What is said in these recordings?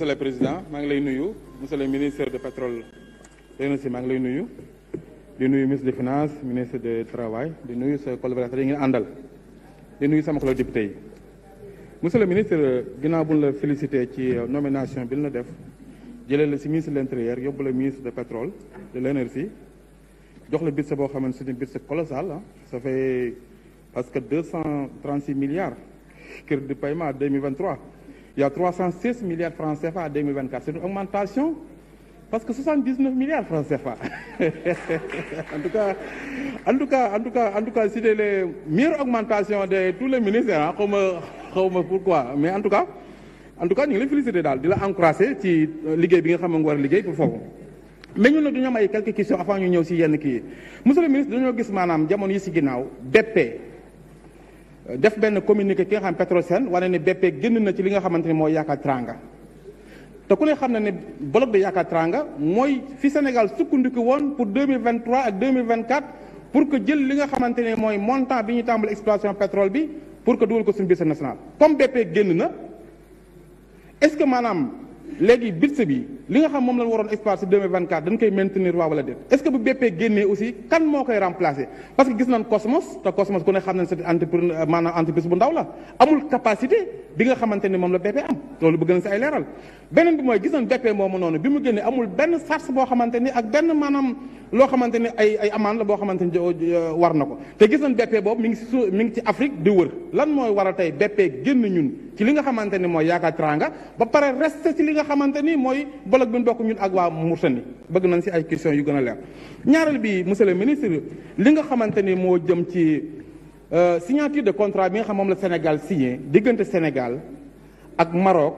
monsieur président maa ngi lay nuyu monsieur le ministre de pétrole dégg na maa ngi lay nuyu di nuyu ministre de finance ministre de travail di nuyu sa collaborateur yi ngeen àndal di nuyu sama collègue député yi monsieur le ministre ginnaaw bu la félicité ci nomination bi la def jëlee la si ministre de l'intérieur yóbbu la ministre de pétrole de l'énergie jox la budget boo xamante c'est un budget colossal ça fait parce que deux cent trente six milliards crédit de paiement deux mille vingt Il y a 316 milliards de francs CFA que 79 milliards de francs CFA. en tout cas, en tout cas, en tout cas, en tout cas, c'est les meilleures augmentations de tous les ministères, hein, comme, pourquoi. Mais en tout cas, en tout cas, nous les daal di la encourager ci euh, liggéey bi nga xam ne war liggéey pour foofu. mais ñun nag dañoo am ay quelques questions avant ñu ñëw si yenn kii yi ministre dañoo gis maanaam jamono yi si ginnaaw BP. def benn communiqué ki nga xam Petrosen wane ne BP génn na ci li nga xamante ne mooy Yaakaar Teranga te ku ne xam na ne bloc de Yaakaar Teranga mooy fi Sénégal sukkandiku woon pour 2023 ak 2024 pour que jël li nga xamante ne mooy montant bi ñu tàmbali exploitation pétrole bi pour que dugal ko suñu budget national comme BP génn na est-ce que maanaam léegi budget bi li nga xam moom la ñu waroon espoir ci 2024 dañ koy maintenir waa wala déet est-ce que bu BP génnee aussi kan moo koy remplacer parce que gis nañ Cosmos te Cosmos ku ne xam nañ c'est entrepreneur maanaam entreprise bu ndaw la amul capacité bi nga xamante ni moom la BP am loolu bëgg nañ si ay leeral beneen bi mooy gis nañ BP moomu noonu bi mu génnee amul benn sars boo xamante ni ak benn maanaam loo xamante ni ay ay amaan la boo xamante ni war na ko te gis nañ boobu mi ngi si su mi ngi ci Afrique di wër lan mooy war a tey BP génn ñun ci li nga xamante ni mooy yaakaar tranga ba pare rest ci li nga xamante ni mooy bolog bi ñu bokk ñun ak waa Mauritanie bëgg nañ si ay questions yu gën a leer ñaareel bi monsieur le ministre li nga xamante ni moo jëm ci Euh, signature de contrat bi nga xam moom la Sénégal signé diggante Sénégal ak Maroc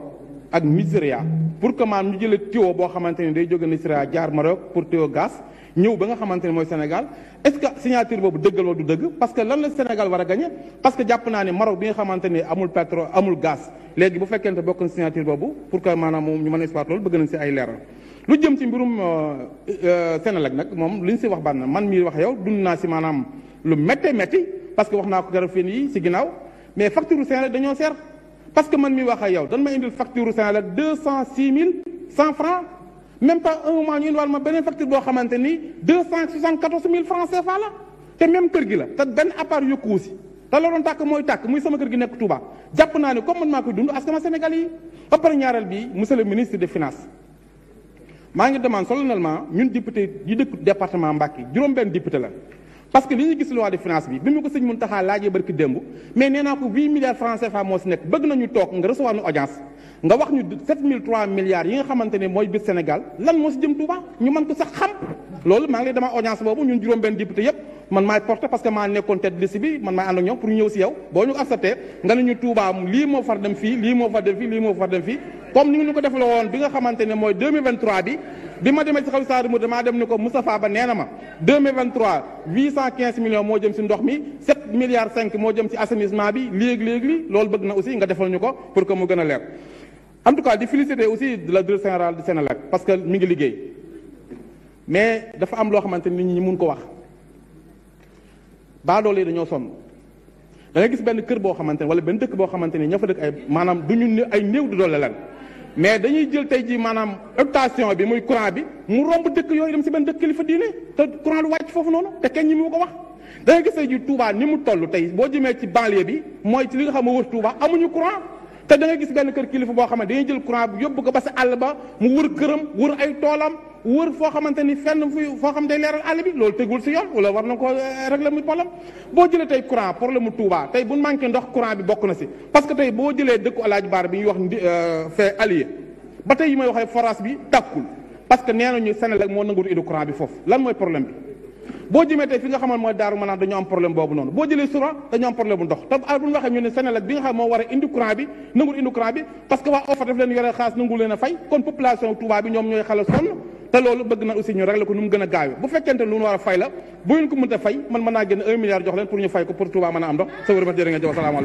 ak Nigeria pour que maam ñu jëlee tuyau boo xamante ni day jóge Nigeria jaar Maroc pour tuyau gaz ñëw ba nga xamante ni mooy Sénégal est-ce que signature boobu dëggal wala du dëgg parce que lan la Sénégal war a gagné parce que jàpp naa ne Maroc bi nga xamante ni amul pétrole amul gaz léegi bu fekkente bokk na signature boobu pour que maanaam moom ñu mën a espaat loolu bëgg nañ si ay lu jëm ci mbirum euh, euh, Sénégal nag moom li si wax bànn man mii wax yow dund naa si maanaam lu méttee métti parce que wax naa ko keroog fii nii si ginnaaw mais facture Senelec dañoo seer parce que man mi wax ak yow dan ma indil facture Senelec deux cent six mille cent francs même pas un mois ñu indiwaat ma beneen facture boo xamante ni deux cent soixante quatorze mille francs CFA la te même kër gi la te benn appart yokkuwu si te la doon tàkk mooy tàkk muy sama kër gi nekk tubaa jàpp naa ne comme man maa koy dund askan Sénégal yi ba pare ñaareel bi monsieur le ministre des finances maa ngi demande solennellement ñun député yi dëkk département Mbacké juróom-benn député la parce que li ñu gis loi de finance bi bi mu ko sëñ Mountakha laajee barki démb mais nee naa ko 8 milliards francs CFA moo si nekk bëgg nañu toog nga recevoir nu audience nga wax ñu 7003 milliards yi nga xamante ne mooy biir Sénégal lan moo si jëm Touba ñu mën ko sax xam loolu maa ngi lay audience boobu ñun juróom-benn député yépp man maay porté parce que maa nekkoon tête liste bi man maay ànd ñoom pour ñëw si yow boo ñu accepté nga ne ñu Touba lii moo far dem fii lii moo far dem fii lii moo far comme ni ñu ko defal woon bi nga xamante ne mooy bi ma demee ci xaw Sadio Moussa damaa dem ni ko Moustapha Ba nee ma 2023 moo jëm si ndox mi 7 milliards 5 moo jëm ci assainissement bi léegi léegi li loolu bëgg na aussi nga defal ñu ko pour que mu gën a leer en tout cas di féliciter aussi de la direction générale de Sénélec parce dafa am loo xamante nit ñi mun ko wax. baadoole yi dañoo sonn da gis benn kër boo xamante ne wala benn dëkk boo xamante ne ña fa dëkk ay maanaam du ñu ay néew du doole lan mais dañuy jël tey ji maanaam optation bi muy courant bi mu romb dëkk yooyu dem si benn dëkk kilifa diine te courant lu wàcc foofu noonu te kenn ñi mu ko wax da ngay gis tey ni mu toll tey boo jëmee ci banlieue bi mooy ci li nga xam ne wër Touba amuñu courant te da ngay gis benn kër kilifa boo xam ne dañuy jë courant bi yóbbu ko ba sa àll ba mu wër këram wër ay toolam wër foo xamante ni fenn fu foo xam day leeral àll bi loolu tegul si yoon wala war na ko eh, régler muy problème boo jëlee tey courant problème mu Touba parce que tey boo jëlee euh, moo nanguwul indi courant bi foofu lan mooy problème bi boo jëlee courant dañoo am problème bu ndox te bu ñu waxee ñu ne Sénégal bi nga xam moo war a indi courant bi nangul indi courant bi parce que waa OFAC daf leen yore xaalis nangu leen a fay kon population Touba bi ñoom ñooy xala sonn te loolu bëgg na aussi ñu régler ko nu mu gën a gaawee bu fekkente lu war a fay la bu ngeen ko mënta fay man mën naa génn un milliard jox leen pour ñu fay ko pour Touba mën a am ndox sa wér ma jërë ngeen jëf asalaamaaleykum